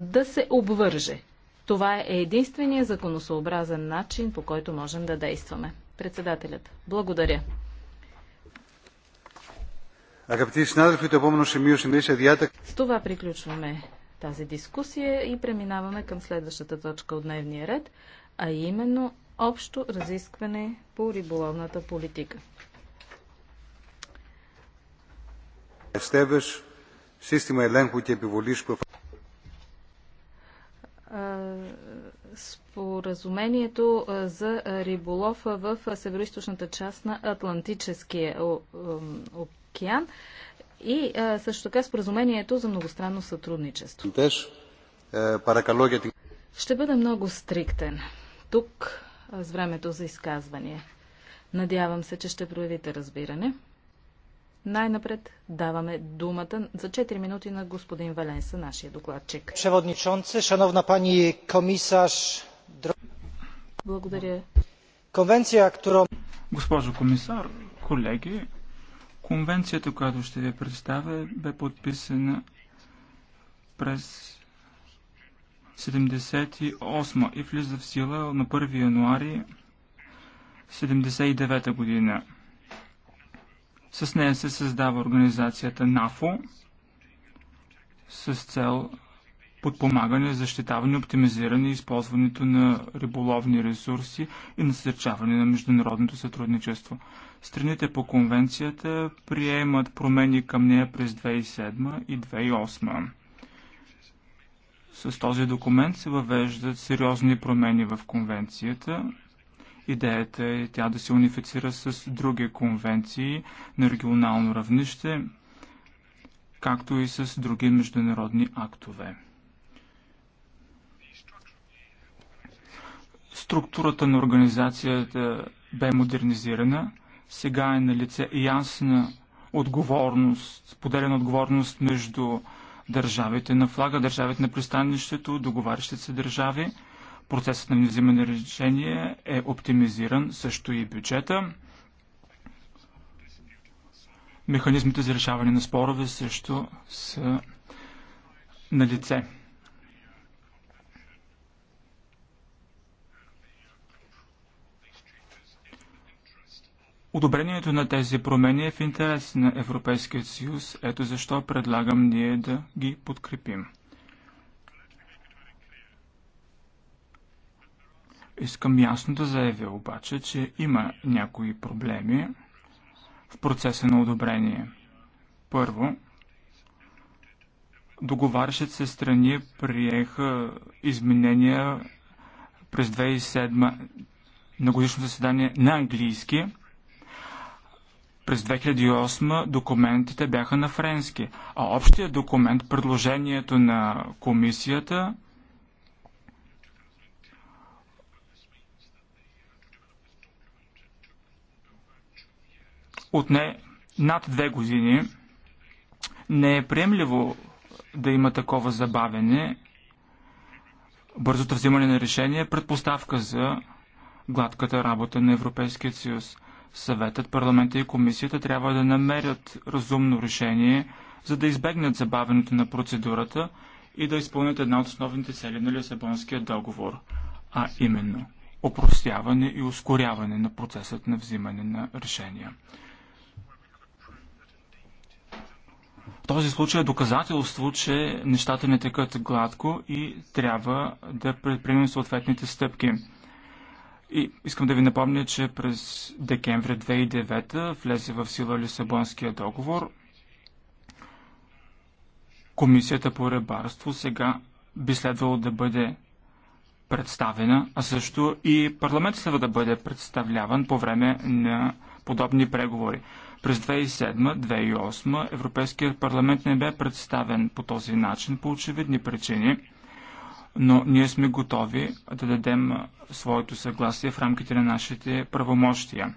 да се обвърже. Това е единствения законосообразен начин, по който можем да действаме. Председателят, благодаря. С това приключваме тази дискусия и преминаваме към следващата точка от дневния ред, а именно общо разискване по риболовната политика. Естебеш, система ти е епиволиш споразумението за риболов в североизточната част на Атлантическия океан и също така споразумението за многостранно сътрудничество. Е, ще бъда много стриктен тук с времето за изказване. Надявам се, че ще проявите разбиране. Най-напред даваме думата за 4 минути на господин Валенса, нашия докладчик. Przewodniczący, шановна пани komisarz. Благодаря. Конвенция, którą... Госпожо комисар, колеги, конвенцията, която ще ви представя, бе подписана през 78 и влиза в сила на 1 януари 79 година. С нея се създава организацията НАФО с цел подпомагане, защитаване, оптимизиране и използването на риболовни ресурси и насърчаване на международното сътрудничество. Страните по конвенцията приемат промени към нея през 2007 и 2008. С този документ се въвеждат сериозни промени в конвенцията, Идеята е тя да се унифицира с други конвенции на регионално равнище, както и с други международни актове. Структурата на организацията бе модернизирана. Сега е на лице ясна отговорност, споделена отговорност между държавите на флага, държавите на пристанището, договарящите се държави – Процесът на взимане решение е оптимизиран, също и бюджета. Механизмите за решаване на спорове също са на лице. Одобрението на тези промени е в интерес на Европейския съюз, ето защо предлагам ние да ги подкрепим. Искам ясно да заявя обаче, че има някои проблеми в процеса на одобрение. Първо, договарящите се страни приеха изменения през 2007 на годишно заседание на английски. През 2008 документите бяха на френски, а общия документ, предложението на комисията – отне над две години. Не е приемливо да има такова забавене. Бързото взимане на решение е предпоставка за гладката работа на Европейския съюз. Съветът, парламента и комисията трябва да намерят разумно решение, за да избегнат забавенето на процедурата и да изпълнят една от основните цели на Лисабонския договор, а именно опростяване и ускоряване на процесът на взимане на решения. Този случай е доказателство, че нещата не текат гладко и трябва да предприемем съответните стъпки. И искам да ви напомня, че през декември 2009 влезе в сила Лисабонския договор. Комисията по ребарство сега би следвало да бъде представена, а също и парламент следва да бъде представляван по време на подобни преговори. През 2007-2008 Европейският парламент не бе представен по този начин по очевидни причини, но ние сме готови да дадем своето съгласие в рамките на нашите правомощия.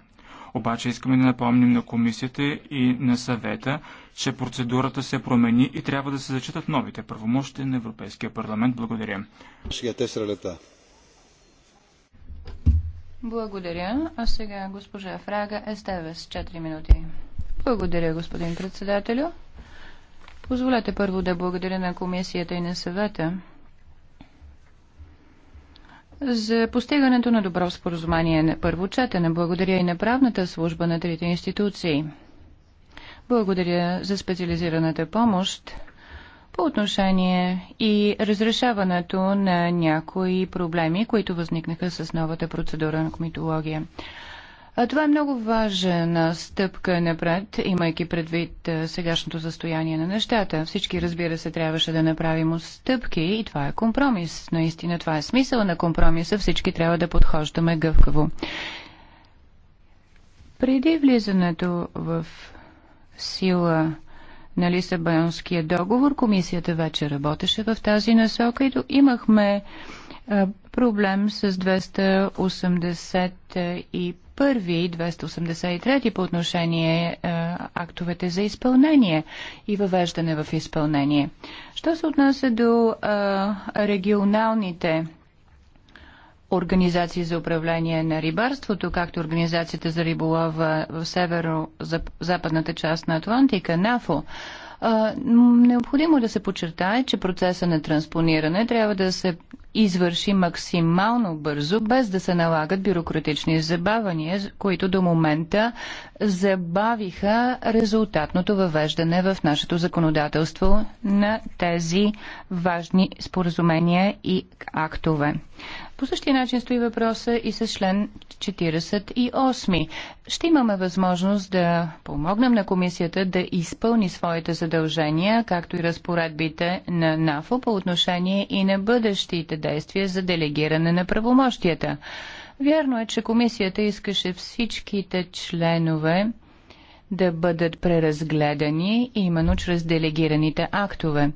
Обаче искаме да напомним на комисията и на съвета, че процедурата се промени и трябва да се зачитат новите правомощи на Европейския парламент. Благодаря. Благодаря. А сега госпожа Фрага Естевес, 4 минути. Благодаря, господин председателю. Позволете първо да благодаря на комисията и на съвета за постигането на добро споразумение на първо четене. Благодаря и на правната служба на трите институции. Благодаря за специализираната помощ по отношение и разрешаването на някои проблеми, които възникнаха с новата процедура на комитология. А това е много важна стъпка напред, имайки предвид сегашното състояние на нещата. Всички, разбира се, трябваше да направим стъпки и това е компромис. Наистина това е смисъл на компромиса. Всички трябва да подхождаме гъвкаво. Преди влизането в сила на Лисабонския договор. Комисията вече работеше в тази насока и имахме проблем с 281 и 283 по отношение актовете за изпълнение и въвеждане в изпълнение. Що се отнася до регионалните организации за управление на рибарството, както Организацията за риболова в северо-западната част на Атлантика, НАФО. Необходимо е да се подчертае, че процеса на транспониране трябва да се извърши максимално бързо, без да се налагат бюрократични забавания, които до момента забавиха резултатното въвеждане в нашето законодателство на тези важни споразумения и актове. По същия начин стои въпроса и с член 48. Ще имаме възможност да помогнем на комисията да изпълни своите задължения, както и разпоредбите на НАФО по отношение и на бъдещите действия за делегиране на правомощията. Вярно е, че комисията искаше всичките членове да бъдат преразгледани именно чрез делегираните актове.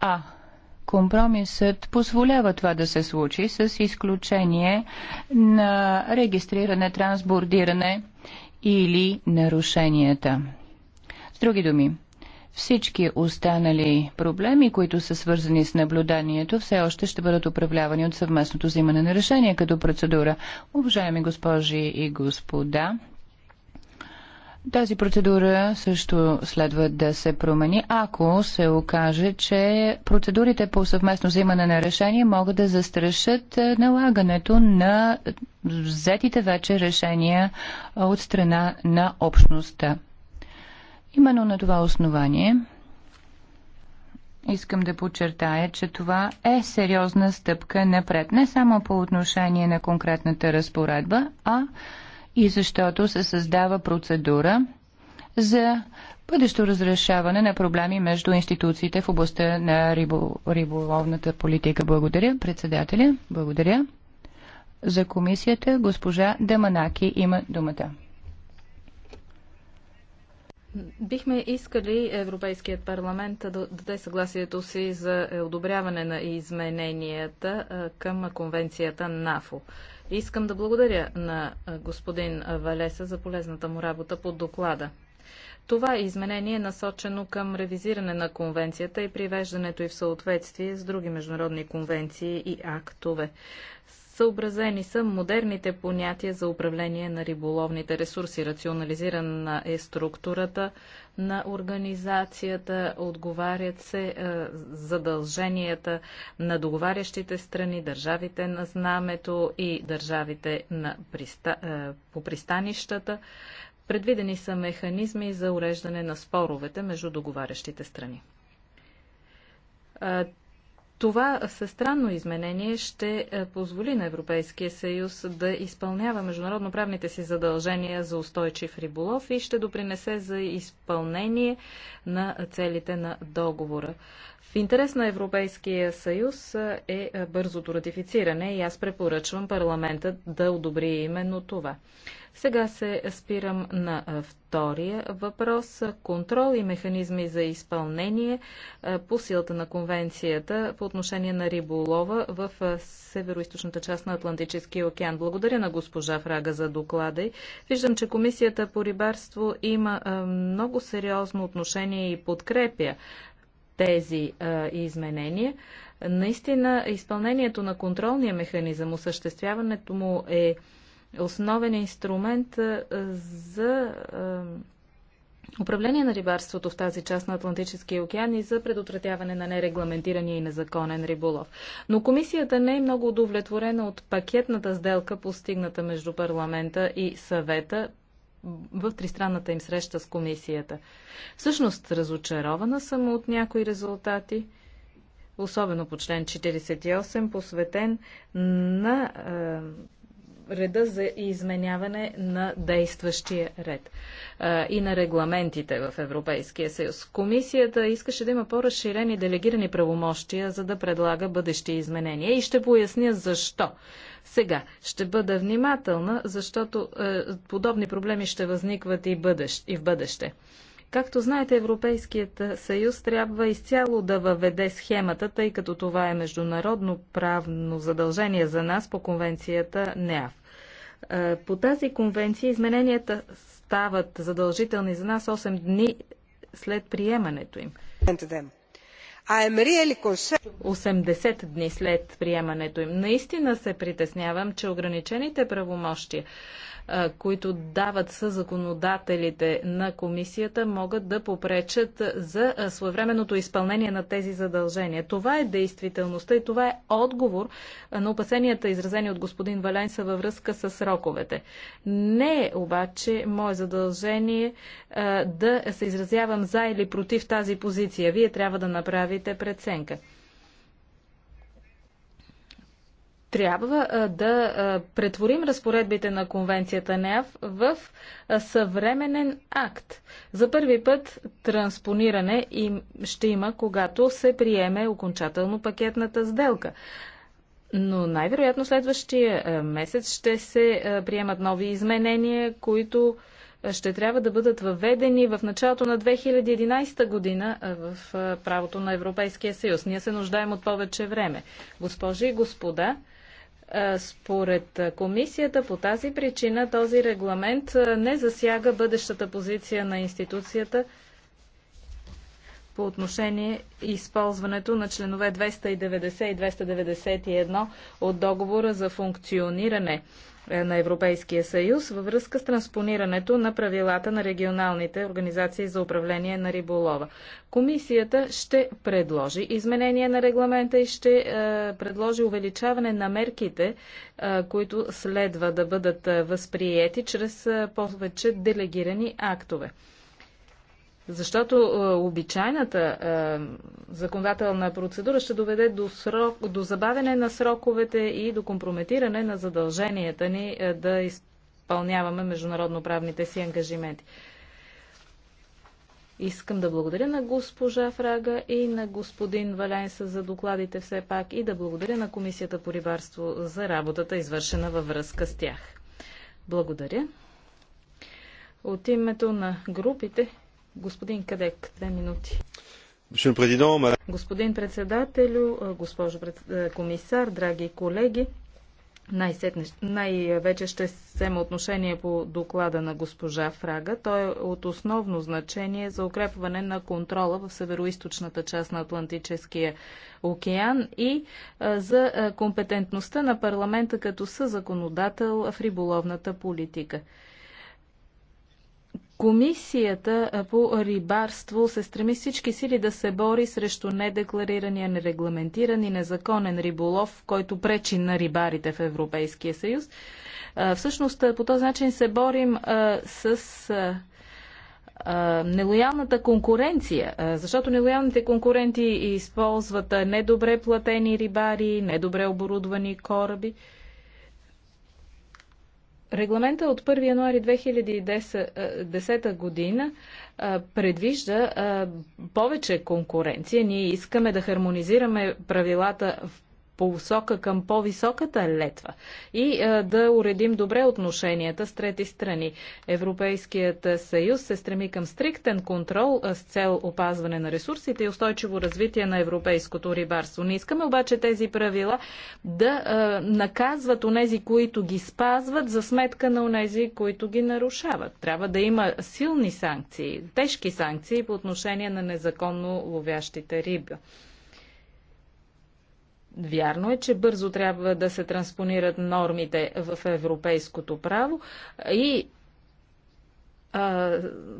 А компромисът позволява това да се случи с изключение на регистриране, трансбордиране или нарушенията. С други думи, всички останали проблеми, които са свързани с наблюданието, все още ще бъдат управлявани от съвместното взимане на решение като процедура. Уважаеми госпожи и господа, тази процедура също следва да се промени, ако се окаже, че процедурите по съвместно взимане на решение могат да застрашат е, налагането на взетите вече решения е, от страна на общността. Именно на това основание Искам да подчертая, че това е сериозна стъпка напред, не само по отношение на конкретната разпоредба, а и защото се създава процедура за бъдещо разрешаване на проблеми между институциите в областта на рибо, риболовната политика. Благодаря, председателя. Благодаря. За комисията госпожа Даманаки има думата. Бихме искали Европейският парламент да даде съгласието си за одобряване на измененията към конвенцията НАФО. Искам да благодаря на господин Валеса за полезната му работа по доклада. Това изменение е насочено към ревизиране на конвенцията и привеждането й в съответствие с други международни конвенции и актове. Съобразени са модерните понятия за управление на риболовните ресурси. Рационализирана е структурата на организацията, отговарят се е, задълженията на договарящите страни, държавите на знамето и държавите на приста, е, по пристанищата. Предвидени са механизми за уреждане на споровете между договарящите страни е, това странно изменение ще е, позволи на Европейския съюз да изпълнява международноправните си задължения за устойчив риболов и ще допринесе за изпълнение на целите на договора. В интерес на Европейския съюз е бързото ратифициране и аз препоръчвам парламента да одобри именно това. Сега се спирам на втория въпрос – контрол и механизми за изпълнение по силата на конвенцията по отношение на риболова в северо-источната част на Атлантическия океан. Благодаря на госпожа Фрага за доклада. Виждам, че Комисията по рибарство има много сериозно отношение и подкрепя тези а, изменения. Наистина, изпълнението на контролния механизъм, осъществяването му е основен инструмент а, за а, управление на рибарството в тази част на Атлантическия океан и за предотвратяване на нерегламентирания и незаконен риболов. Но комисията не е много удовлетворена от пакетната сделка, постигната между парламента и съвета в тристранната им среща с комисията. Всъщност, разочарована съм от някои резултати, особено по член 48, посветен на е, реда за изменяване на действащия ред е, и на регламентите в Европейския съюз. Комисията искаше да има по-разширени делегирани правомощия, за да предлага бъдещи изменения. И ще поясня защо. Сега ще бъда внимателна, защото е, подобни проблеми ще възникват и, бъдещ, и в бъдеще. Както знаете, Европейският е, съюз трябва изцяло да въведе схемата, тъй като това е международно правно задължение за нас по конвенцията НЕАВ. Е, по тази конвенция измененията стават задължителни за нас 8 дни след приемането им. 80 дни след приемането им. Наистина се притеснявам, че ограничените правомощия които дават законодателите на комисията, могат да попречат за своевременното изпълнение на тези задължения. Това е действителността и това е отговор на опасенията, изразени от господин Валенса във връзка с сроковете. Не е обаче мое задължение да се изразявам за или против тази позиция. Вие трябва да направите преценка. Трябва да претворим разпоредбите на конвенцията НЕАВ в съвременен акт. За първи път транспониране им ще има, когато се приеме окончателно пакетната сделка. Но най-вероятно следващия месец ще се приемат нови изменения, които ще трябва да бъдат въведени в началото на 2011 година в правото на Европейския съюз. Ние се нуждаем от повече време. Госпожи и господа, според комисията по тази причина този регламент не засяга бъдещата позиция на институцията по отношение използването на членове 290 и 291 от договора за функциониране е, на Европейския съюз във връзка с транспонирането на правилата на регионалните организации за управление на риболова. Комисията ще предложи изменение на регламента и ще е, предложи увеличаване на мерките, е, които следва да бъдат е, възприети чрез е, повече делегирани актове. Защото е, обичайната законодателна процедура ще доведе до, срок, до забавяне на сроковете и до компрометиране на задълженията ни е, да изпълняваме международно-правните си ангажименти. Искам да благодаря на госпожа Фрага и на господин Валенса за докладите все пак и да благодаря на Комисията по рибарство за работата, извършена във връзка с тях. Благодаря. От името на групите, господин Кадек, две минути. Господин председателю, госпожо комисар, драги колеги, най-вече най ще взема отношение по доклада на госпожа Фрага. Той е от основно значение за укрепване на контрола в североизточната част на Атлантическия океан и за компетентността на парламента като съзаконодател в риболовната политика. Комисията по рибарство се стреми всички сили да се бори срещу недекларирания, нерегламентиран и незаконен риболов, който пречи на рибарите в Европейския съюз. Всъщност по този начин се борим с нелоялната конкуренция, защото нелоялните конкуренти използват недобре платени рибари, недобре оборудвани кораби. Регламента от 1 януари 2010 година предвижда повече конкуренция. Ние искаме да хармонизираме правилата в посока към по-високата летва и а, е, да уредим добре отношенията с трети страни. Европейският съюз се стреми към стриктен контрол а, е, с цел опазване на ресурсите и устойчиво развитие на европейското рибарство. Не искаме обаче тези правила да а, е, наказват онези, които ги спазват за сметка на онези, които ги нарушават. Трябва да има силни санкции, тежки санкции по отношение на незаконно ловящите риби. Вярно е, че бързо трябва да се транспонират нормите в европейското право и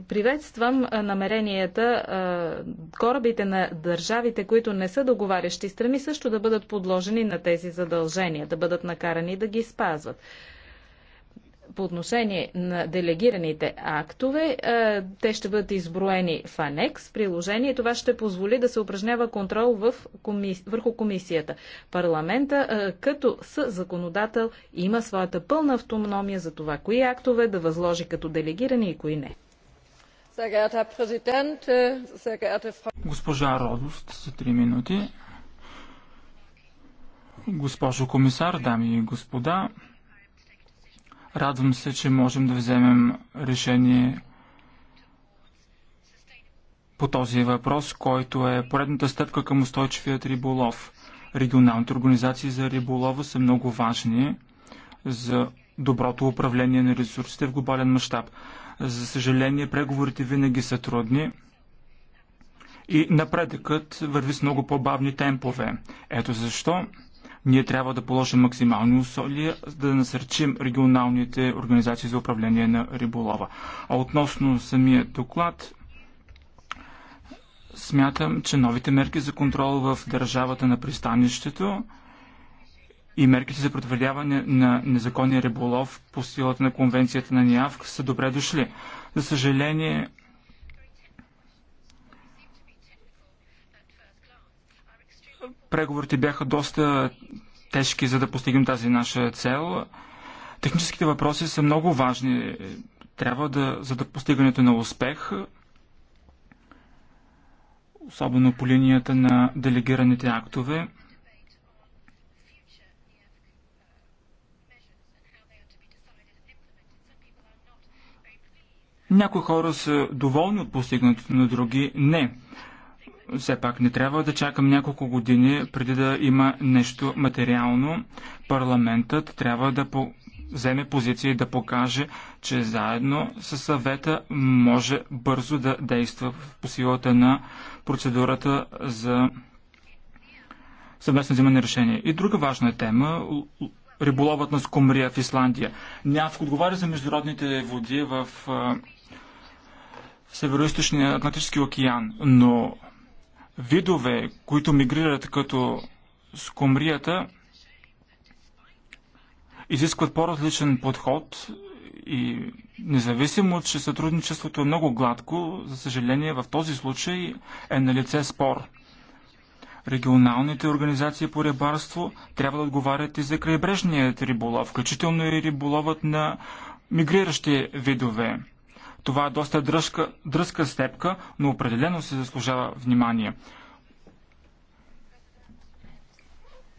приветствам намеренията корабите на държавите, които не са договарящи страни, също да бъдат подложени на тези задължения, да бъдат накарани да ги спазват по отношение на делегираните актове, е, те ще бъдат изброени в анекс. Приложение това ще позволи да се упражнява контрол в коми... върху комисията. Парламента е, като законодател има своята пълна автономия за това, кои актове да възложи като делегирани и кои не. Äh, Госпожа Родост за 3 минути. Госпожо комисар, дами и господа, Радвам се, че можем да вземем решение по този въпрос, който е поредната стъпка към устойчивият риболов. Регионалните организации за риболова са много важни за доброто управление на ресурсите в глобален мащаб. За съжаление, преговорите винаги са трудни и напредъкът върви с много по-бавни темпове. Ето защо ние трябва да положим максимални усилия, за да насърчим регионалните организации за управление на риболова. А относно самия доклад, смятам, че новите мерки за контрол в държавата на пристанището и мерките за предотвратяване на незаконния риболов по силата на конвенцията на НИАВК са добре дошли. За съжаление, Преговорите бяха доста тежки, за да постигнем тази наша цел. Техническите въпроси са много важни. Трябва да, за да постигането на успех, особено по линията на делегираните актове, Някои хора са доволни от постигнатото, но други не. Все пак не трябва да чакам няколко години преди да има нещо материално. Парламентът трябва да по... вземе позиция и да покаже, че заедно с съвета може бързо да действа по силата на процедурата за съвместно взимане решение. И друга важна тема риболовът на скумрия в Исландия. Няв отговаря за международните води в, северо Атлантически океан, но видове, които мигрират като скумрията, изискват по-различен подход и независимо, че сътрудничеството е много гладко, за съжаление в този случай е на лице спор. Регионалните организации по рибарство трябва да отговарят и за крайбрежният риболов, включително и риболовът на мигриращи видове. Това е доста дръжка, дръзка степка, но определено се заслужава внимание.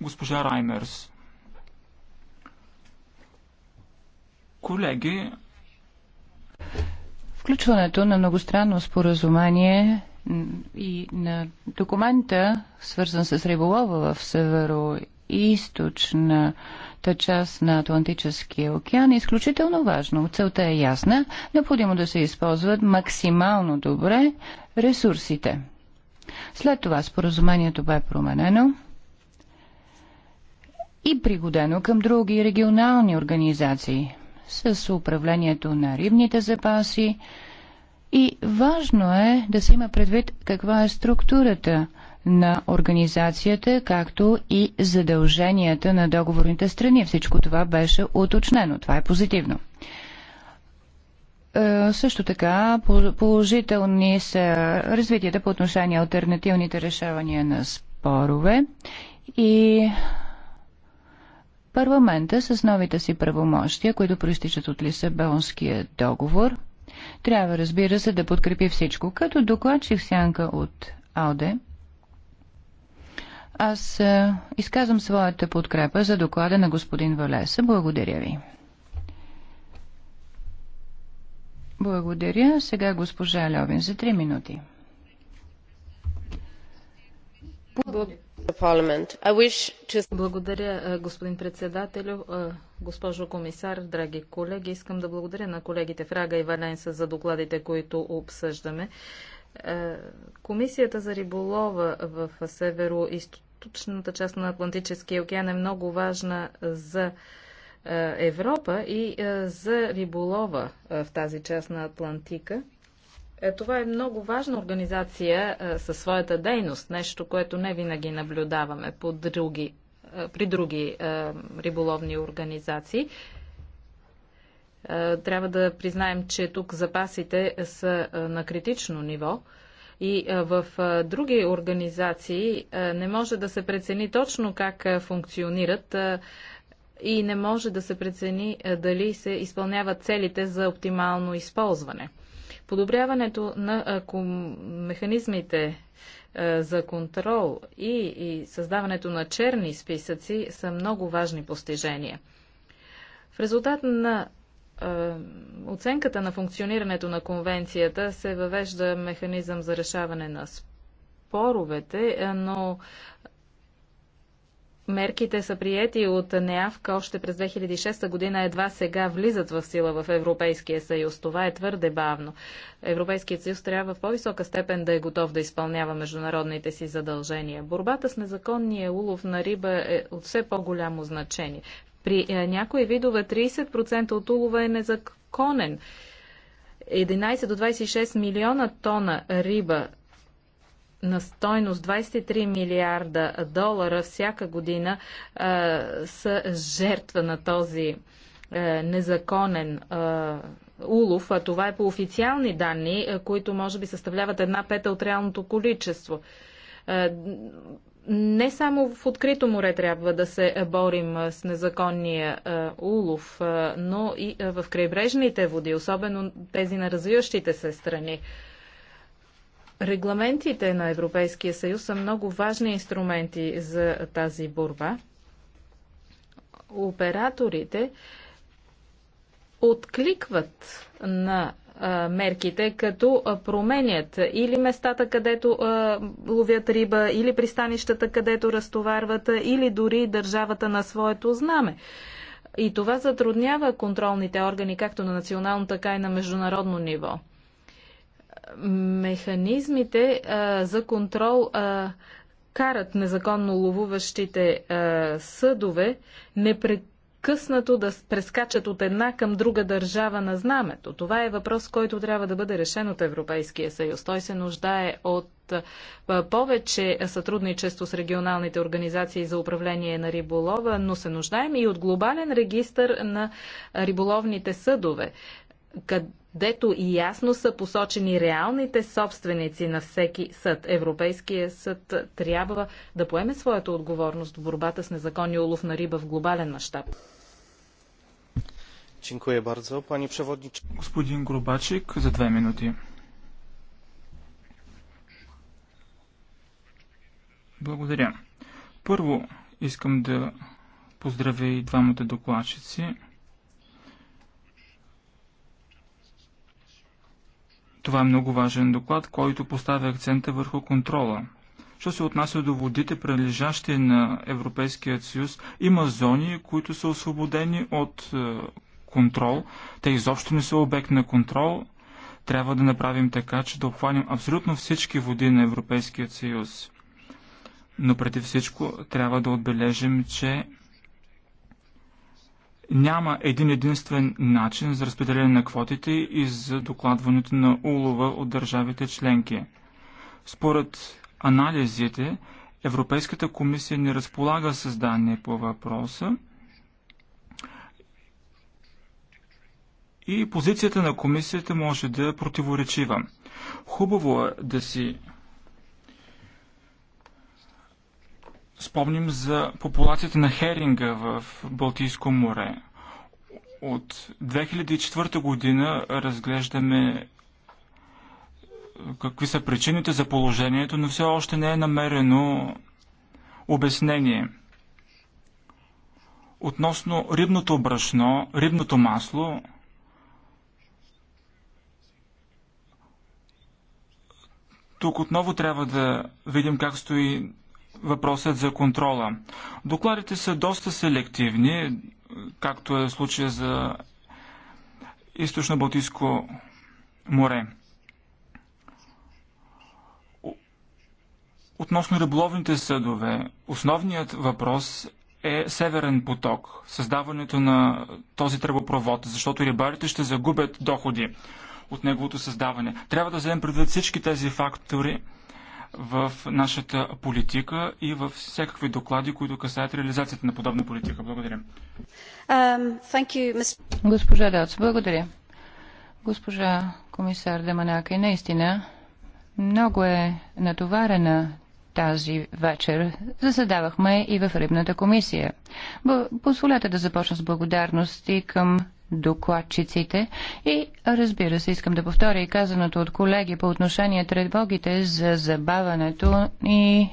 Госпожа Раймерс. Колеги, Включването на многостранно споразумение и на документа, свързан с риболова в северо източна южната част на Атлантическия океан е изключително важно. Целта е ясна. Необходимо да се използват максимално добре ресурсите. След това споразумението бе променено и пригодено към други регионални организации с управлението на рибните запаси. И важно е да се има предвид каква е структурата – на организацията, както и задълженията на договорните страни. Всичко това беше уточнено. Това е позитивно. Е, също така положителни са развитията по отношение альтернативните решавания на спорове и парламента с новите си правомощия, които проистичат от Лисабонския договор, трябва, разбира се, да подкрепи всичко. Като докладчих сянка от АЛДЕ, аз е, изказвам своята подкрепа за доклада на господин Валеса. Благодаря ви. Благодаря. Сега госпожа Левин за три минути. Благодаря, е, господин председателю, е, госпожо комисар, драги колеги. Искам да благодаря на колегите Фрага и Валенса за докладите, които обсъждаме. Комисията за риболова в северо източната част на Атлантическия океан е много важна за е, Европа и е, за риболова е, в тази част на Атлантика. Това е много важна организация със своята дейност, нещо, което не винаги наблюдаваме по други, при други риболовни организации. Трябва да признаем, че тук запасите са на критично ниво и в други организации не може да се прецени точно как функционират и не може да се прецени дали се изпълняват целите за оптимално използване. Подобряването на механизмите за контрол и създаването на черни списъци са много важни постижения. В резултат на е, оценката на функционирането на конвенцията се въвежда механизъм за решаване на споровете, е, но мерките са приети от НЕАВКА още през 2006 година, едва сега влизат в сила в Европейския съюз. Това е твърде бавно. Европейският съюз трябва в по-висока степен да е готов да изпълнява международните си задължения. Борбата с незаконния улов на риба е от все по-голямо значение. При е, някои видове 30% от улова е незаконен. 11 до 26 милиона тона риба на стойност 23 милиарда долара всяка година а, е, са жертва на този а, е, незаконен а, улов. А това е по официални данни, а, които може би съставляват една пета от реалното количество. А, не само в открито море трябва да се борим с незаконния улов, но и в крайбрежните води, особено тези на развиващите се страни. Регламентите на Европейския съюз са много важни инструменти за тази борба. Операторите откликват на мерките, като променят или местата, където ловят риба, или пристанищата, където разтоварват, или дори държавата на своето знаме. И това затруднява контролните органи както на национално, така и на международно ниво. Механизмите за контрол карат незаконно ловуващите съдове непред непрекъснато да прескачат от една към друга държава на знамето. Това е въпрос, който трябва да бъде решен от Европейския съюз. Той се нуждае от повече сътрудничество с регионалните организации за управление на риболова, но се нуждаем и от глобален регистр на риболовните съдове, където и ясно са посочени реалните собственици на всеки съд. Европейския съд трябва да поеме своята отговорност в борбата с незаконния улов на риба в глобален мащаб. Dziękuję bardzo. Panie przewodniczący. Господин Грубачик за две минути. Благодаря. Първо искам да поздравя и двамата докладчици. Това е много важен доклад, който поставя акцента върху контрола. Що се отнася до водите, прилежащи на Европейския съюз, има зони, които са освободени от е, контрол. Те изобщо не са обект на контрол. Трябва да направим така, че да обхванем абсолютно всички води на Европейския съюз. Но преди всичко трябва да отбележим, че няма един единствен начин за разпределение на квотите и за докладването на улова от държавите членки. Според анализите, Европейската комисия не разполага с данни по въпроса. и позицията на комисията може да е противоречива. Хубаво е да си спомним за популацията на херинга в Балтийско море. От 2004 година разглеждаме какви са причините за положението, но все още не е намерено обяснение. Относно рибното брашно, рибното масло – Тук отново трябва да видим как стои въпросът за контрола. Докладите са доста селективни, както е случая за Източно-Балтийско море. Относно риболовните съдове, основният въпрос е Северен поток, създаването на този тръбопровод, защото рибарите ще загубят доходи от неговото създаване. Трябва да вземем предвид всички тези фактори в нашата политика и в всякакви доклади, които касаят реализацията на подобна политика. Благодаря. Um, Госпожа Дац, благодаря. Госпожа комисар Деманака, наистина много е натоварена тази вечер заседавахме и в Рибната комисия. Позволете да започна с благодарности към докладчиците. И разбира се, искам да повторя и казаното от колеги по отношение тревогите за забаването и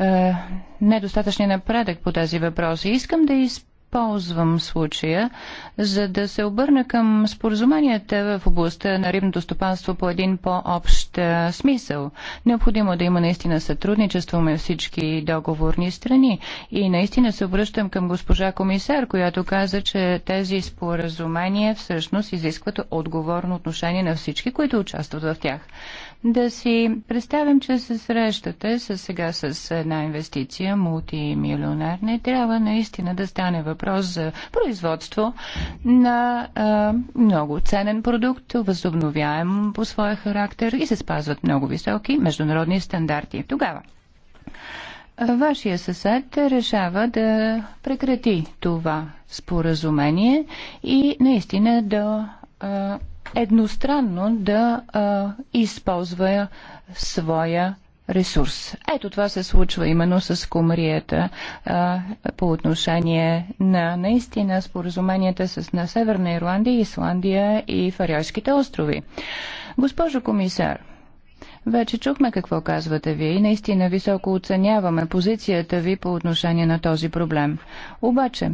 е, недостатъчния напредък по тези въпроси. Искам да изпитам използвам случая, за да се обърна към споразуменията в областта на рибното стопанство по един по-общ смисъл. Необходимо да има наистина сътрудничество между всички договорни страни. И наистина се обръщам към госпожа комисар, която каза, че тези споразумения всъщност изискват отговорно отношение на всички, които участват в тях да си представим, че се срещате с сега с една инвестиция, мултимилионер. Не трябва наистина да стане въпрос за производство на а, много ценен продукт, възобновяем по своя характер и се спазват много високи международни стандарти. Тогава Вашия съсед решава да прекрати това споразумение и наистина да едностранно да а, използва своя ресурс. Ето това се случва именно с Комрията а, по отношение на наистина споразуменията с на Северна Ирландия, Исландия и Фарерските острови. Госпожо комисар, вече чухме какво казвате вие и наистина високо оценяваме позицията ви по отношение на този проблем. Обаче, е,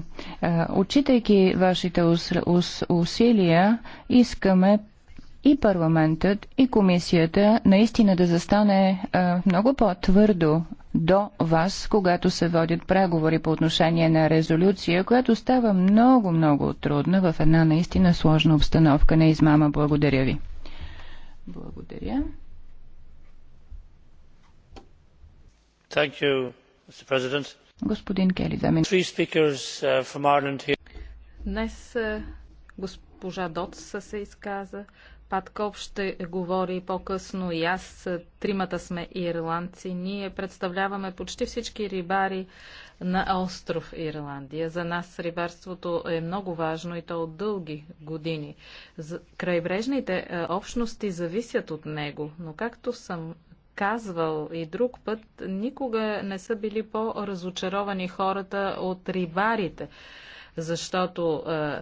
отчитайки вашите усилия, искаме и парламентът, и комисията наистина да застане а, е, много по-твърдо до вас, когато се водят преговори по отношение на резолюция, която става много-много трудна в една наистина сложна обстановка на измама. Благодаря ви. Благодаря. Uh, Днес е, госпожа Дотс се изказа. Патков ще говори по-късно и аз. Тримата сме ирландци. Ние представляваме почти всички рибари на остров Ирландия. За нас рибарството е много важно и то от дълги години. Крайбрежните е, общности зависят от него, но както съм казвал и друг път, никога не са били по-разочаровани хората от рибарите защото е,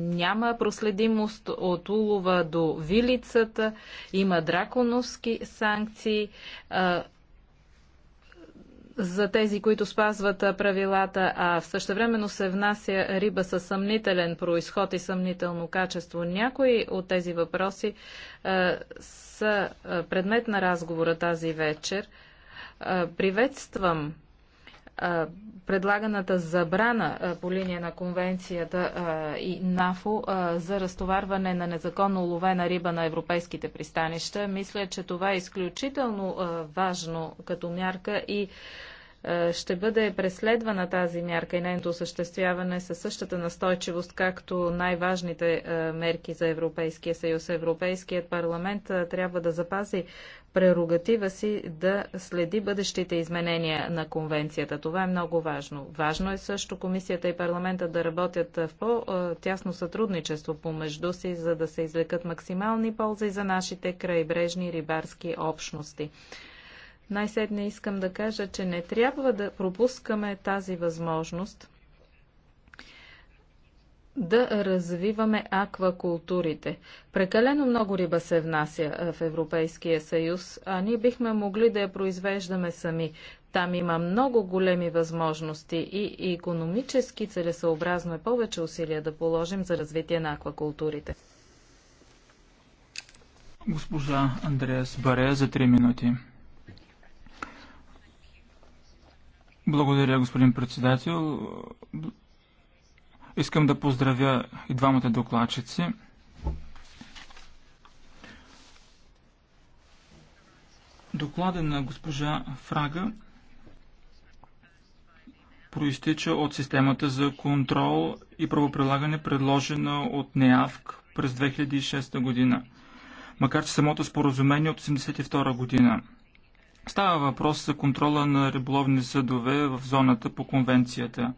няма проследимост от улова до вилицата, има драконовски санкции. Е, за тези, които спазват правилата, а в същевременно се внася риба със съмнителен происход и съмнително качество. Някои от тези въпроси а, са предмет на разговора тази вечер. А, приветствам предлаганата забрана по линия на конвенцията и НАФО за разтоварване на незаконно уловена риба на европейските пристанища. Мисля, че това е изключително важно като мярка и е, ще бъде преследвана тази мярка и нейното осъществяване със същата настойчивост, както най-важните е, мерки за Европейския съюз. Европейският парламент е, трябва да запази прерогатива си да следи бъдещите изменения на конвенцията. Това е много важно. Важно е също комисията и парламента да работят в по-тясно сътрудничество помежду си, за да се извлекат максимални ползи за нашите крайбрежни рибарски общности. Най-сетне искам да кажа, че не трябва да пропускаме тази възможност да развиваме аквакултурите. Прекалено много риба се внася в Европейския съюз, а ние бихме могли да я произвеждаме сами. Там има много големи възможности и економически целесообразно е повече усилия да положим за развитие на аквакултурите. Госпожа Андреас Баре за 3 минути. Благодаря, господин председател. Искам да поздравя и двамата докладчици. Доклада на госпожа Фрага проистича от системата за контрол и правоприлагане, предложена от НЕАВК през 2006 година, макар че самото споразумение от 1982 година – Става въпрос за контрола на риболовни съдове в зоната по конвенцията.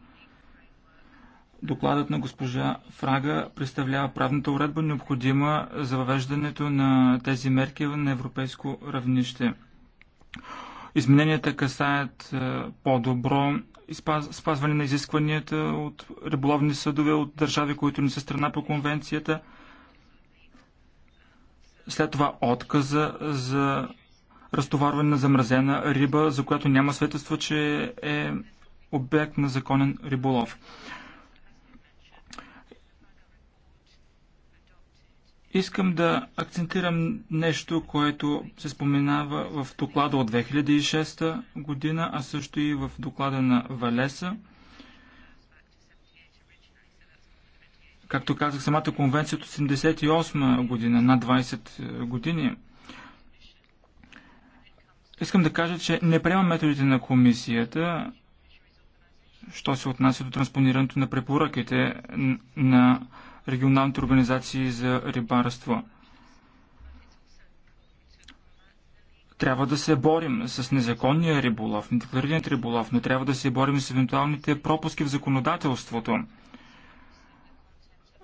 Докладът на госпожа Фрага представлява правната уредба необходима за въвеждането на тези мерки на европейско равнище. Измененията касаят е, по-добро спазване на изискванията от риболовни съдове от държави, които не са страна по конвенцията. След това отказа за разтоварване на замразена риба, за която няма свидетелство, че е обект на законен риболов. Искам да акцентирам нещо, което се споменава в доклада от 2006 година, а също и в доклада на Валеса. Както казах, самата конвенция от 1978 година, над 20 години – Искам да кажа, че не приемам методите на комисията, що се отнася до транспонирането на препоръките на регионалните организации за рибарство. Трябва да се борим с незаконния риболов, недекларираният риболов, но трябва да се борим с евентуалните пропуски в законодателството.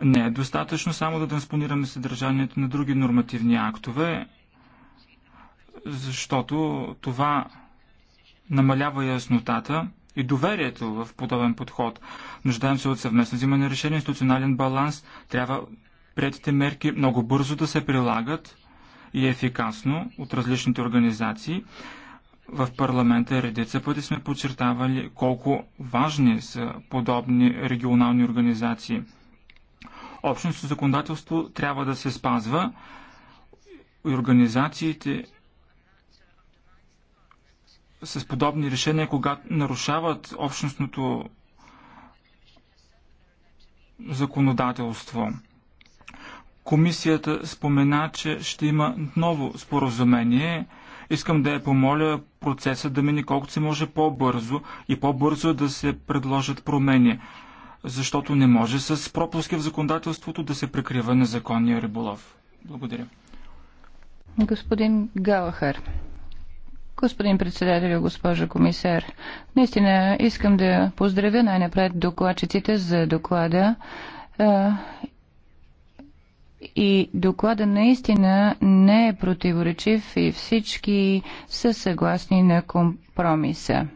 Не е достатъчно само да транспонираме съдържанието на други нормативни актове, защото това намалява яснотата и доверието в подобен подход. Нуждаем се от съвместно взимане на решение, институционален баланс. Трябва предите мерки много бързо да се прилагат и ефикасно от различните организации. В парламента редица пъти сме подчертавали колко важни са подобни регионални организации. Общностното законодателство трябва да се спазва и организациите с подобни решения, когато нарушават общностното законодателство. Комисията спомена, че ще има ново споразумение. Искам да я помоля процеса да мине колкото се може по-бързо и по-бързо да се предложат промени, защото не може с пропуски в законодателството да се прикрива незаконния риболов. Благодаря. Господин Галахар. Господин председател, госпожо комисар, наистина искам да поздравя най-напред докладчиците за доклада и доклада наистина не е противоречив и всички са съгласни на компромиса.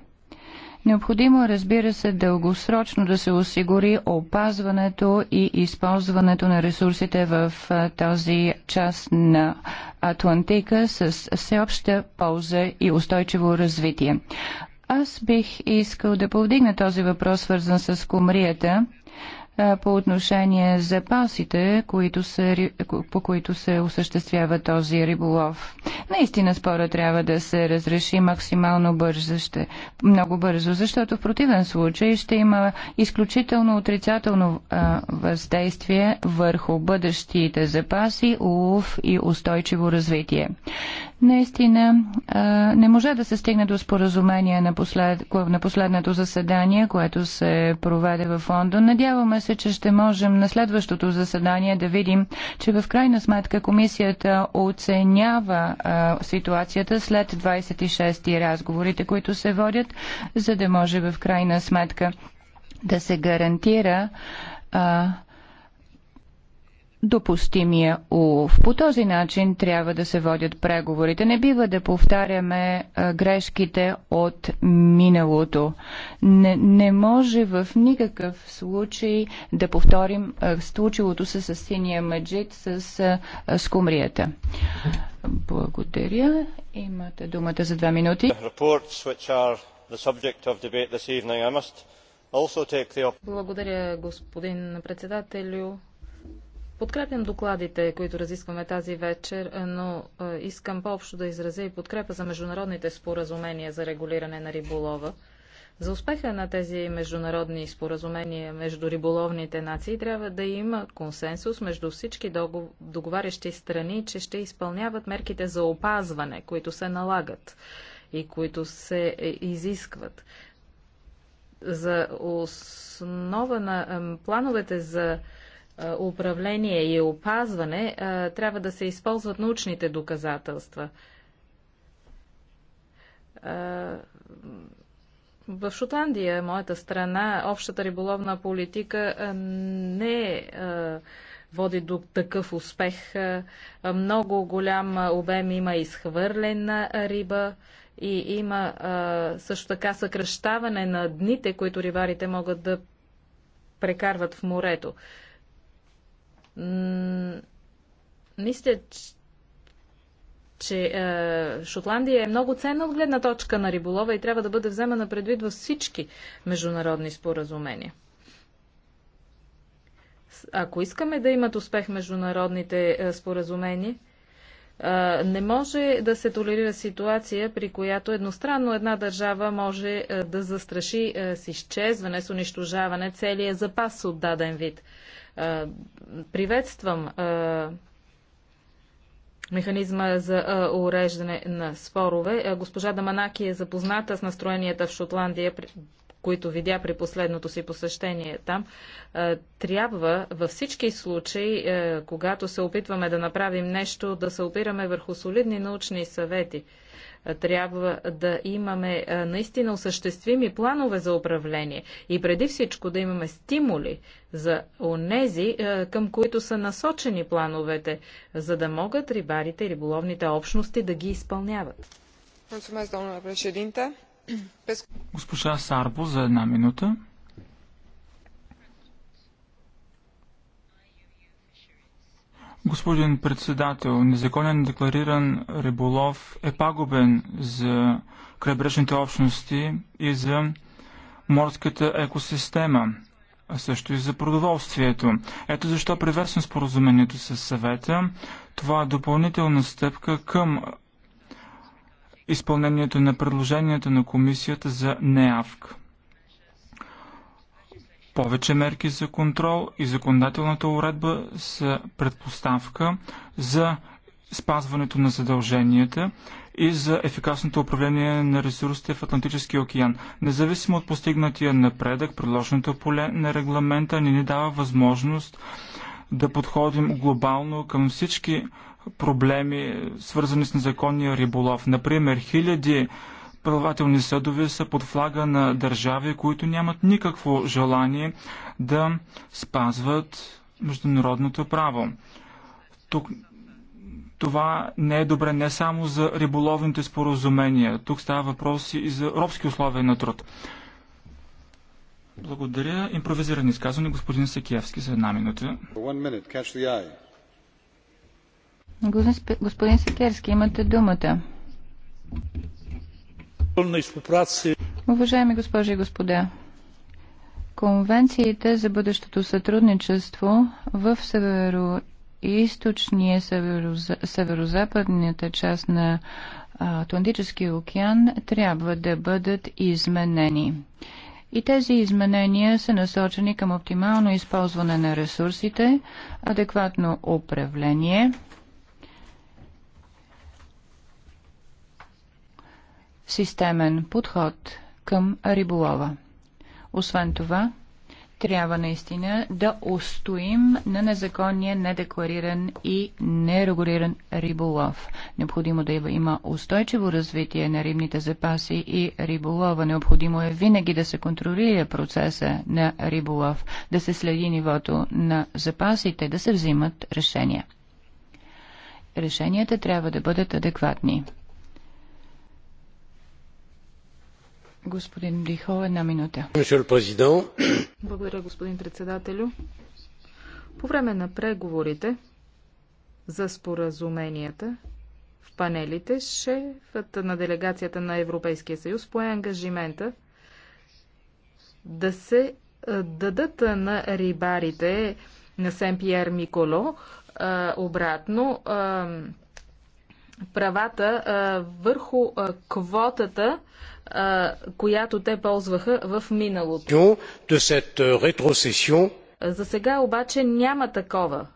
Необходимо е, разбира се, дългосрочно да се осигури опазването и използването на ресурсите в този част на Атлантика с всеобща полза и устойчиво развитие. Аз бих искал да повдигна този въпрос, свързан с комрията по отношение запасите, които се, по които се осъществява този риболов. Наистина спора трябва да се разреши максимално бързо, ще, много бързо, защото в противен случай ще има изключително отрицателно а, въздействие върху бъдещите запаси, улов и устойчиво развитие. Наистина а, не може да се стигне до споразумение на, послед, на последното заседание, което се проведе в Лондон. Надяваме се, че ще можем на следващото заседание да видим, че в крайна сметка комисията оценява а, ситуацията след 26 разговорите, които се водят, за да може в крайна сметка да се гарантира а, допустимия улов. По този начин трябва да се водят преговорите. Не бива да повтаряме е, грешките от миналото. Не, не може в никакъв случай да повторим е, случилото се с синия маджит с е, скумрията. Благодаря. Имате думата за две минути. Благодаря, господин председателю. Подкрепям докладите, които разискваме тази вечер, но искам по-общо да изразя и подкрепа за международните споразумения за регулиране на риболова. За успеха на тези международни споразумения между риболовните нации трябва да има консенсус между всички договарящи страни, че ще изпълняват мерките за опазване, които се налагат и които се е, изискват. За основа на плановете за управление и опазване, трябва да се използват научните доказателства. В Шотландия, моята страна, общата риболовна политика не е води до такъв успех. Много голям обем има изхвърлена риба и има също така съкръщаване на дните, които рибарите могат да прекарват в морето. Мисля, че е, Шотландия е много ценна от гледна точка на риболова и трябва да бъде вземана предвид във всички международни споразумения. Ако искаме да имат успех международните е, споразумения, е, не може да се толерира ситуация, при която едностранно една държава може е, да застраши е, с изчезване, с унищожаване целия запас от даден вид. Е, приветствам е, механизма за е, уреждане на спорове. Госпожа Даманаки е запозната с настроенията в Шотландия, които видя при последното си посещение там. Трябва във всички случаи, когато се опитваме да направим нещо, да се опираме върху солидни научни съвети. Трябва да имаме наистина осъществими планове за управление и преди всичко да имаме стимули за онези, към които са насочени плановете, за да могат рибарите и риболовните общности да ги изпълняват. Госпожа Сарбо за една минута. Господин председател, незаконен деклариран риболов е пагубен за крайбрежните общности и за морската екосистема, а също и за продоволствието. Ето защо приветствам споразумението с съвета. Това е допълнителна стъпка към изпълнението на предложението на комисията за НЕАВК. Повече мерки за контрол и законодателната уредба са предпоставка за спазването на задълженията и за ефикасното управление на ресурсите в Атлантическия океан. Независимо от постигнатия напредък, предложеното поле на регламента ни не дава възможност да подходим глобално към всички проблеми, свързани с незаконния риболов. Например, хиляди правователни съдове са под флага на държави, които нямат никакво желание да спазват международното право. Тук това не е добре не само за риболовните споразумения. Тук става въпрос и за робски условия на труд. Благодаря. Импровизирани изказване господин Сакиевски за една минута. Господин Сакерски, имате думата. Уважаеми госпожи и господа, конвенциите за бъдещото сътрудничество в северо източния северо-западната част на Атлантическия океан трябва да бъдат изменени. И тези изменения са насочени към оптимално използване на ресурсите, адекватно управление, системен подход към риболова. Освен това, трябва наистина да устоим на незаконния, недеклариран и нерегулиран риболов. Необходимо да има устойчиво развитие на рибните запаси и риболова. Необходимо е винаги да се контролира процеса на риболов, да се следи нивото на запасите, да се взимат решения. Решенията трябва да бъдат адекватни. Господин Брихо, една минута. Благодаря, господин председателю. По време на преговорите за споразуменията в панелите, шефът на делегацията на Европейския съюз пое ангажимента да се дадат на рибарите на Сен-Пьер Миколо обратно правата върху квотата която те ползваха в миналото. Euh, за сега обаче няма такова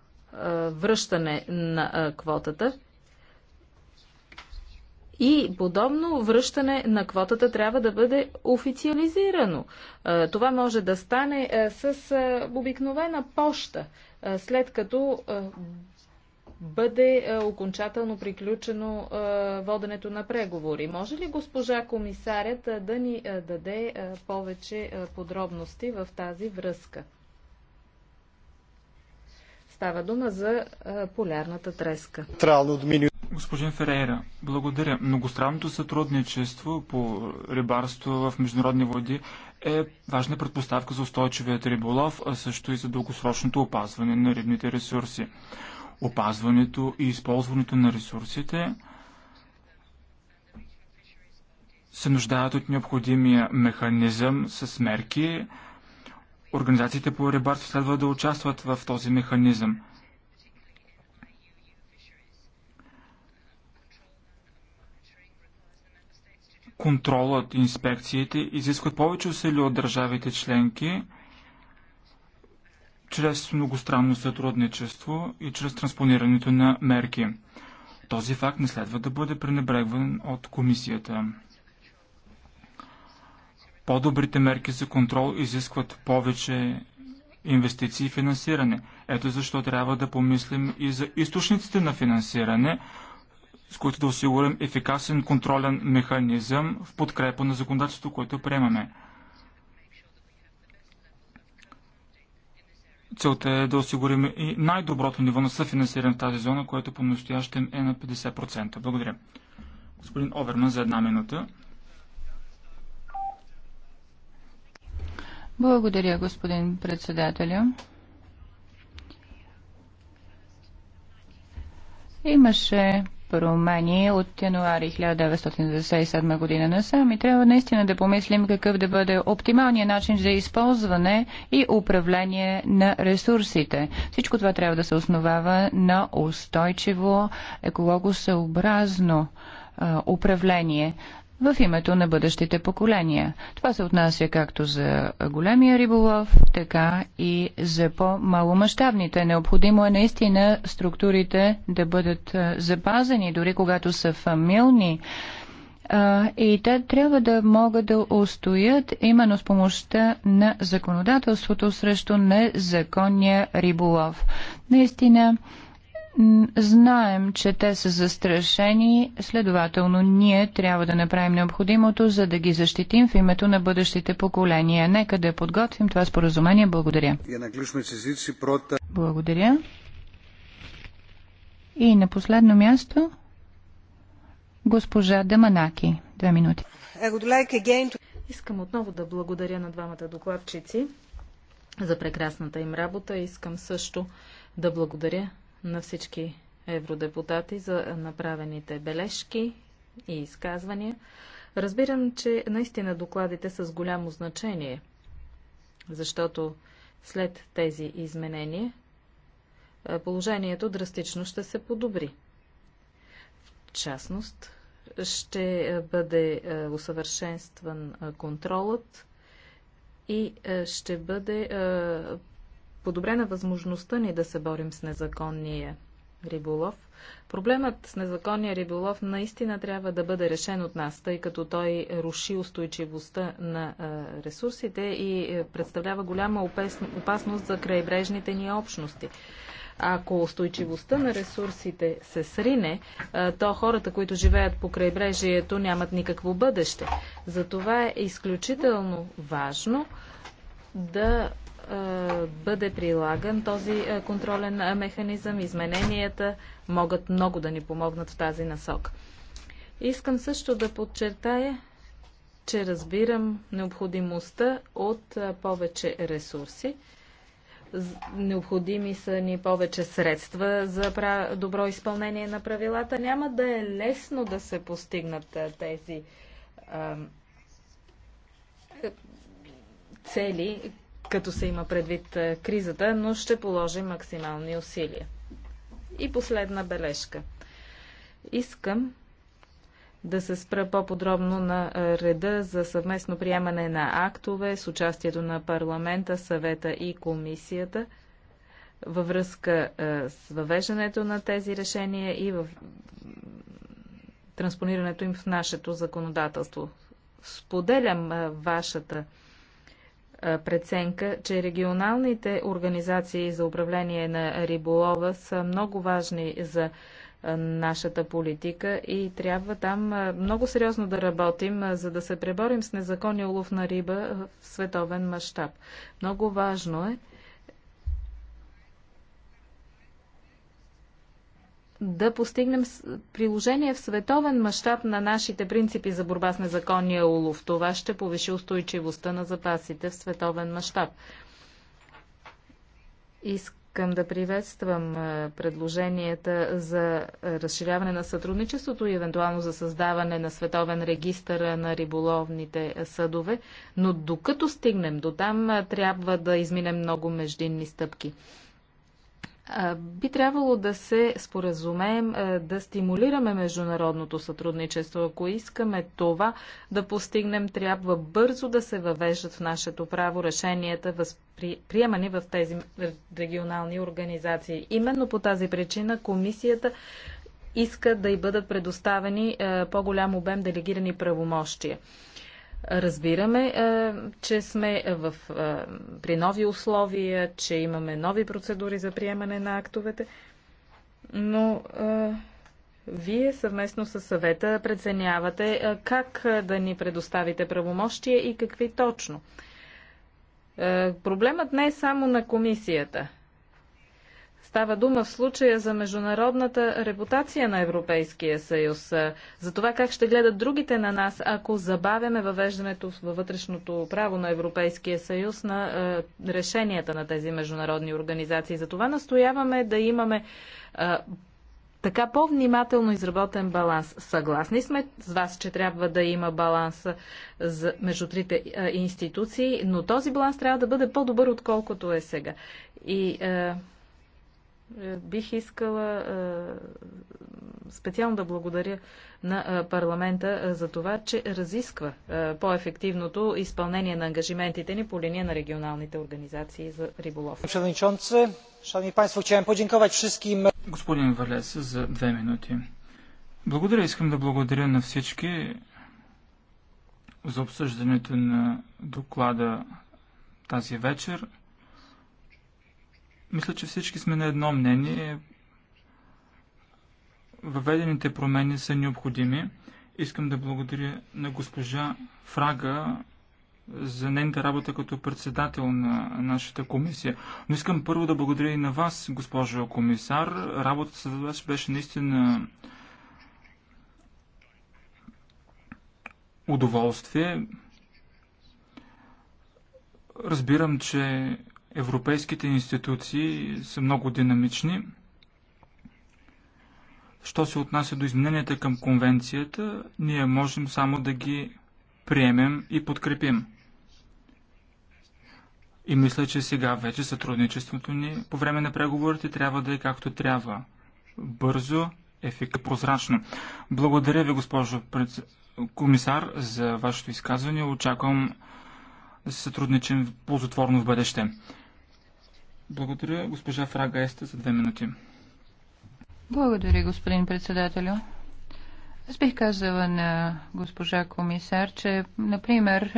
връщане на квотата. И подобно връщане на квотата трябва да бъде официализирано. Това може да стане с обикновена поща, след като бъде е, окончателно приключено е, воденето на преговори. Може ли госпожа комисарят е, да ни даде повече подробности в тази връзка? Става дума за полярната треска. Господин Ферейра, благодаря. Многостранното сътрудничество по рибарство в международни води е важна предпоставка за устойчивият риболов, а също и за дългосрочното опазване на рибните ресурси опазването и използването на ресурсите се нуждаят от необходимия механизъм с мерки. Организациите по рибарство следва да участват в този механизъм. Контролът инспекциите изискват повече усилия от държавите членки – чрез многостранно сътрудничество и чрез транспонирането на мерки. Този факт не следва да бъде пренебрегван от комисията. По-добрите мерки за контрол изискват повече инвестиции и финансиране. Ето защо трябва да помислим и за източниците на финансиране, с които да осигурим ефикасен контролен механизъм в подкрепа на законодателството, което приемаме. Целта е да осигурим и най-доброто ниво на съфинансиране в тази зона, което по-настоящем е на 50%. Благодаря. Господин Оверман за една минута. Благодаря, господин председателю. Имаше промени от януари 1997 година насам и трябва наистина да помислим какъв да бъде оптималният начин за използване и управление на ресурсите. Всичко това трябва да се основава на устойчиво екологосъобразно управление в името на бъдещите поколения. Това се отнася както за големия риболов, така и за по-маломащабните. Необходимо е наистина структурите да бъдат запазени, дори когато са фамилни. И те трябва да могат да устоят именно с помощта на законодателството срещу незаконния риболов. Наистина, Знаем, че те са застрашени, следователно ние трябва да направим необходимото, за да ги защитим в името на бъдещите поколения. Нека да подготвим това споразумение. Благодаря. Благодаря. И на последно място госпожа Даманаки. Две минути. Искам отново да благодаря на двамата докладчици за прекрасната им работа. Искам също да благодаря на всички евродепутати за направените бележки и изказвания. Разбирам, че наистина докладите са с голямо значение, защото след тези изменения положението драстично ще се подобри. В частност, ще бъде усъвършенстван контролът и ще бъде подобрена възможността ни да се борим с незаконния риболов. Проблемът с незаконния риболов наистина трябва да бъде решен от нас, тъй като той руши устойчивостта на ресурсите и е, представлява голяма опасност за крайбрежните ни общности. Ако устойчивостта на ресурсите се срине, то хората, които живеят по крайбрежието, нямат никакво бъдеще. Затова е изключително важно да е, бъде прилаган този е, контролен е, механизъм. Измененията могат много да ни помогнат в тази насок. Искам също да подчертая, че разбирам необходимостта от повече ресурси. Необходими са ни повече средства за добро изпълнение на правилата. Няма да е лесно да се постигнат тези цели, като се има предвид е, кризата, но ще положим максимални усилия. И последна бележка. Искам да се спра по-подробно на е, реда за съвместно приемане на актове с участието на парламента, съвета и комисията във връзка е, с въвеждането на тези решения и в транспонирането им в нашето законодателство. Споделям вашата преценка, че регионалните организации за управление на риболова са много важни за нашата политика и трябва там много сериозно да работим, за да се преборим с незаконния улов на риба в световен мащаб. Много важно е да постигнем приложение в световен мащаб на нашите принципи за борба с незаконния улов. Това ще повиши устойчивостта на запасите в световен мащаб. Искам да приветствам е, предложенията за разширяване на сътрудничеството и евентуално за създаване на световен регистър на риболовните съдове, но докато стигнем до там, е, трябва да изминем много междинни стъпки. Би трябвало да се споразумеем да стимулираме международното сътрудничество. Ако искаме това да постигнем, трябва бързо да се въвеждат в нашето право решенията, приемани в тези регионални организации. Именно по тази причина комисията иска да й бъдат предоставени по-голям обем делегирани правомощия. Разбираме, е, че сме в, е, при нови условия, че имаме нови процедури за приемане на актовете, но е, вие съвместно с съвета преценявате как да ни предоставите правомощия и какви точно. Проблемът не е само на комисията. Става дума в случая за международната репутация на Европейския съюз, за това как ще гледат другите на нас, ако забавяме въвеждането във вътрешното право на Европейския съюз на е, решенията на тези международни организации. За това настояваме да имаме е, така по-внимателно изработен баланс. Съгласни сме с вас, че трябва да има баланс е, между трите е, институции, но този баланс трябва да бъде по-добър, отколкото е сега. И е, е, бих искала е, специално да благодаря на е, парламента за това, че разисква по-ефективното изпълнение на ангажиментите ни по линия на регионалните организации за риболов. Господин Валес, за две минути. Благодаря, искам да благодаря на всички за обсъждането на доклада тази вечер. Мисля, че всички сме на едно мнение. Въведените промени са необходими. Искам да благодаря на госпожа Фрага за нейната работа като председател на нашата комисия. Но искам първо да благодаря и на вас, госпожо комисар. Работата с вас беше наистина удоволствие. Разбирам, че Европейските институции са много динамични. Що се отнася до измененията към конвенцията, ние можем само да ги приемем и подкрепим. И мисля, че сега вече сътрудничеството ни по време на преговорите трябва да е както трябва. Бързо, ефика прозрачно. Благодаря ви, госпожо пред... комисар, за вашето изказване. Очаквам да се сътрудничим ползотворно в бъдеще. Благодаря госпожа Фрага Еста за две минути. Благодаря, господин председателю. Аз бих казала на госпожа комисар, че, например,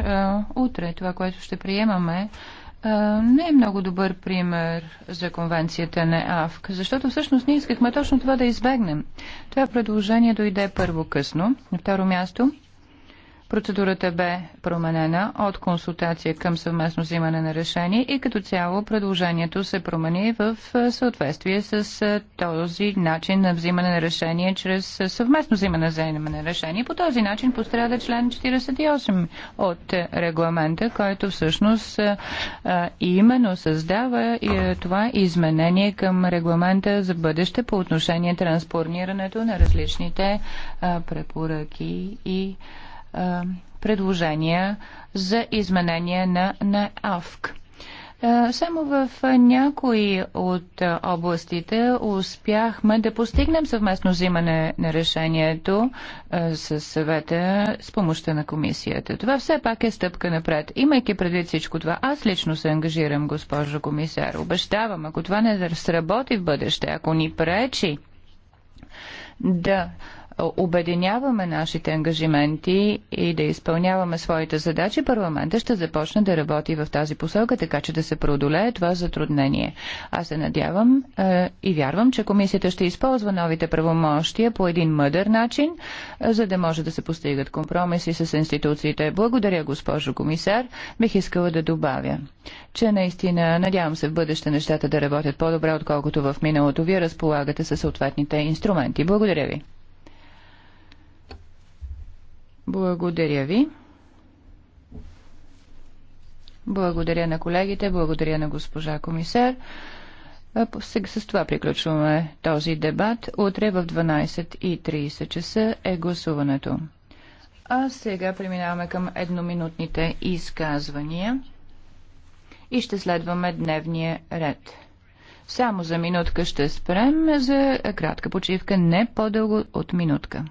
утре това, което ще приемаме, не е много добър пример за конвенцията на АВК, защото всъщност ние искахме точно това да избегнем. Това предложение дойде първо късно. На второ място, Процедурата бе променена от консултация към съвместно взимане на решение и като цяло предложението се промени в съответствие с този начин на взимане на решение чрез съвместно взимане на решение. По този начин пострада член 48 от регламента, който всъщност именно създава това изменение към регламента за бъдеще по отношение транспорнирането на различните препоръки и предложения за изменение на, НАФК. Само в някои от областите успяхме да постигнем съвместно взимане на решението с съвета с помощта на комисията. Това все пак е стъпка напред. Имайки предвид всичко това, аз лично се ангажирам, госпожо комисар. Обещавам, ако това не сработи в бъдеще, ако ни пречи да обединяваме нашите ангажименти и да изпълняваме своите задачи, парламента ще започне да работи в тази посока, така че да се преодолее това затруднение. Аз се надявам е, и вярвам, че комисията ще използва новите правомощия по един мъдър начин, е, за да може да се постигат компромиси с институциите. Благодаря, госпожо комисар. Бих искала да добавя, че наистина надявам се в бъдеще нещата да работят по-добре, отколкото в миналото. Вие разполагате със съответните инструменти. Благодаря ви. Благодаря ви. Благодаря на колегите, благодаря на госпожа комисар. С това приключваме този дебат. Утре в 12.30 часа е гласуването. А сега преминаваме към едноминутните изказвания и ще следваме дневния ред. Само за минутка ще спрем за кратка почивка, не по-дълго от минутка.